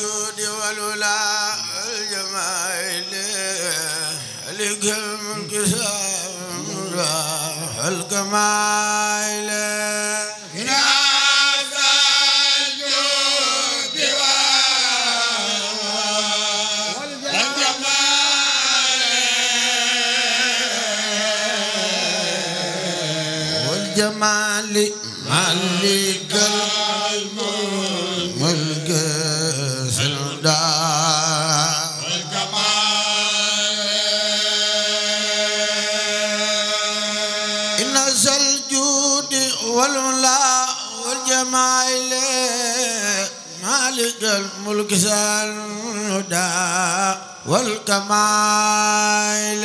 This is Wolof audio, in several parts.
الجود ولولا الجمال لك المنكسر الكمال والجمال مالك نزل الجود والعلا والجمال مالك الملك ذا الهدى والكمال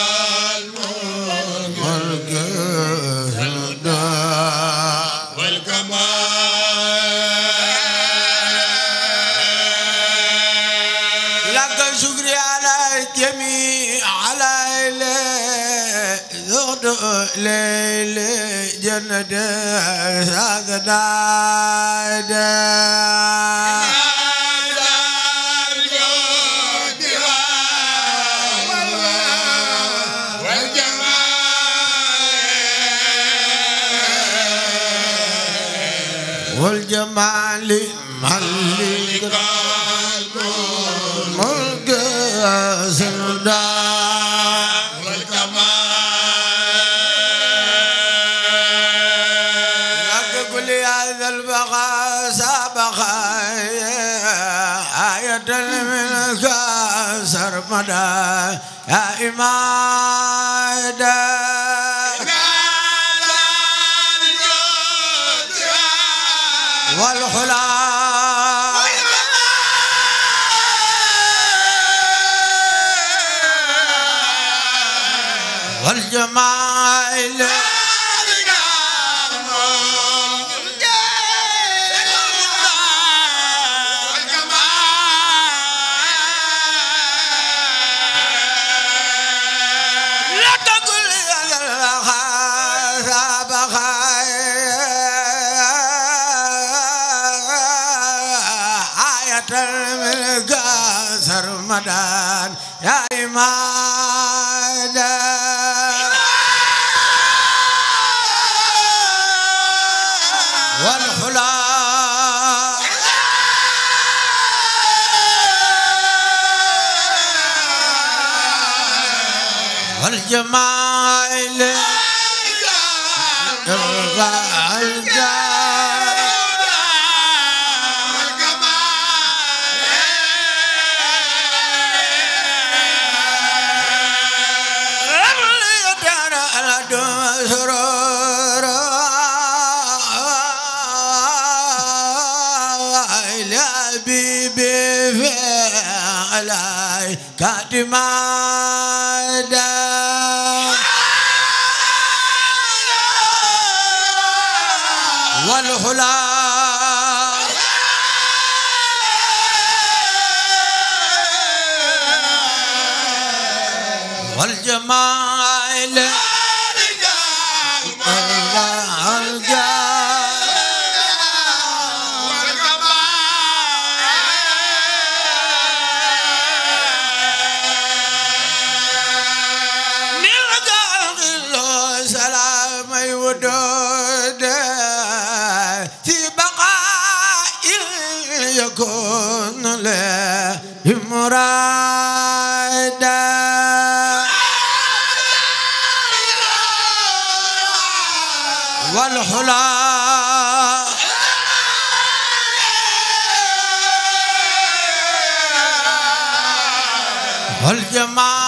الليل جنة سادة والجمال ملك إمادا يا إمادا والحلال والجمال إمادا يا إمادا والخلا والجمال الجمال ولاي كاتمادا والحلا والجمال الوجود في بقاء يكون له مرادا والحلا والجمال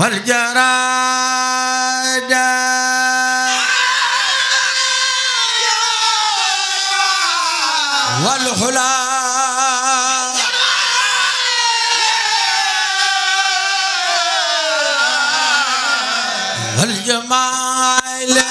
والجرادة والحلا والجمال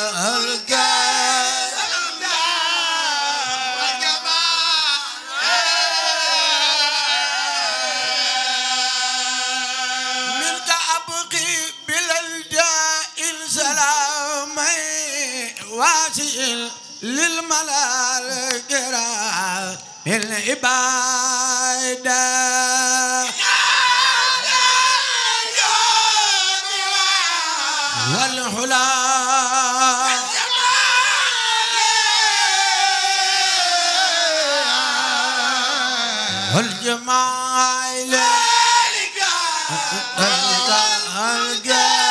للملال الكرام العبادة والحلال والجمال ذلك الجمال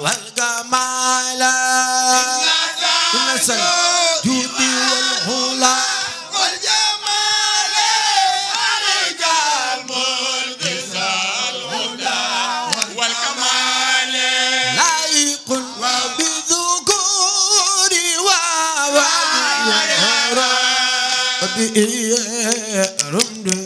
والجمال إن الجود والهلا والجمال عليك الملك الهدى والكمال لائق وبذكور ووالهرى وبإيه رمد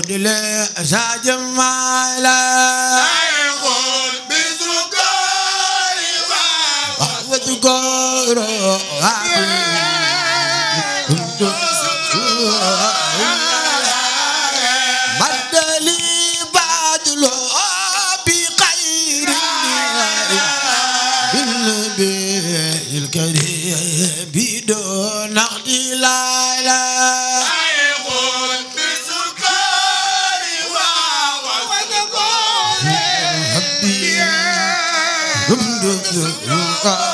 دلي ساجمالا يقول بذكوري وذكوري كنت Rasulullah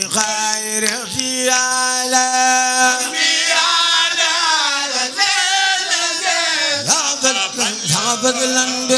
bëgg lan bi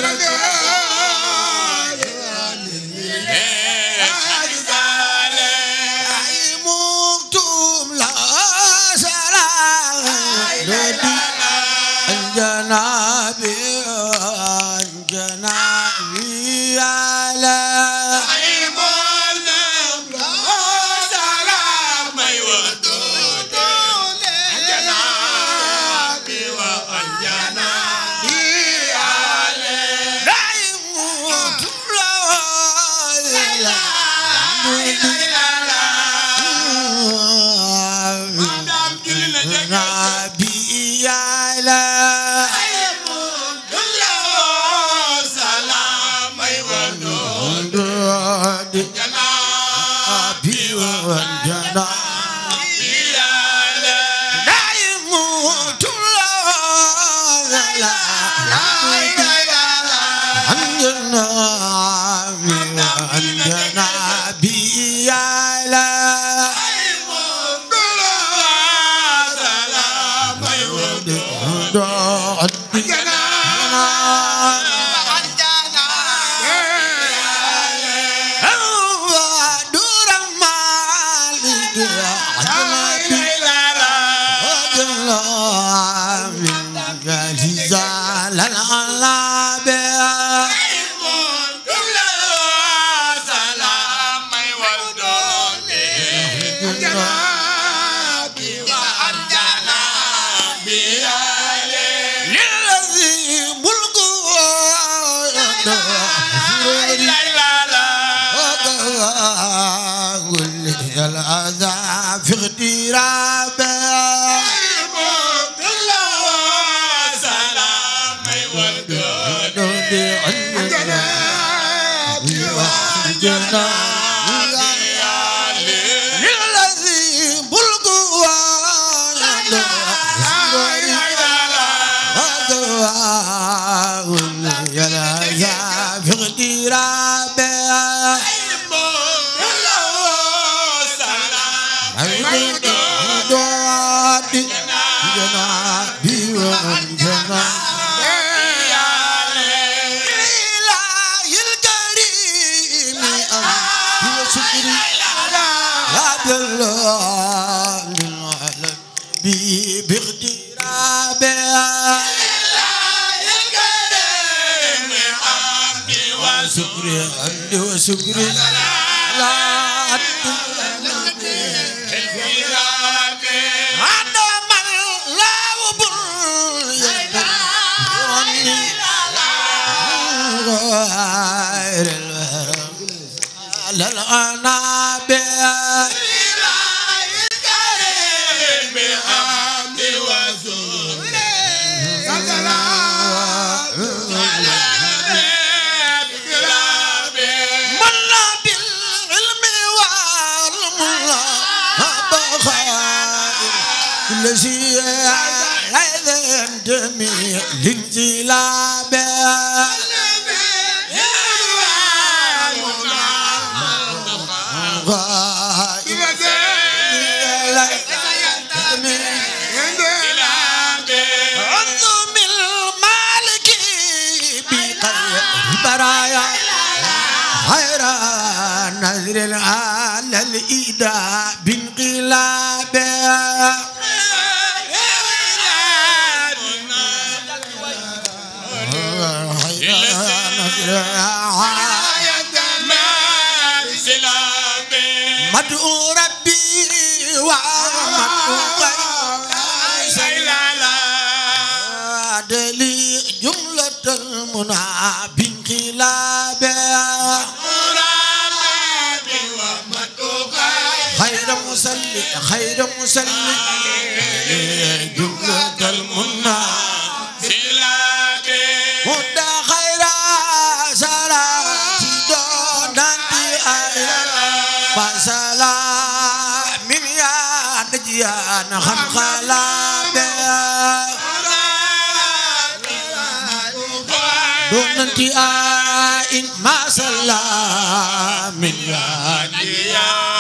la la Jannah جنادي جنادي ومن جنادي يا إله الكريم أنت شكري عبد الله للعالم باقترابها شكري عندي وشكري لا أتمنى الذي أعلم دمي لانجلابه غير نذر على الإيداء بانقلاب مدعو ربي ومدعو قلبي لي جملة المنى بانقلاب مصلي خير مصلي جملة المنى سلامي مدى خير سلام دون أنت أهلا فسلام يا نجيان خلخلا دون أنت أهلا ما سلام يا نجيان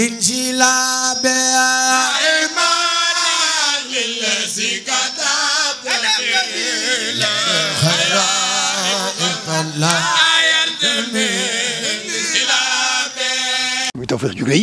الانجيل بأعمال الذي كتب خير لا يلتمي الانجيل بتوفيق جري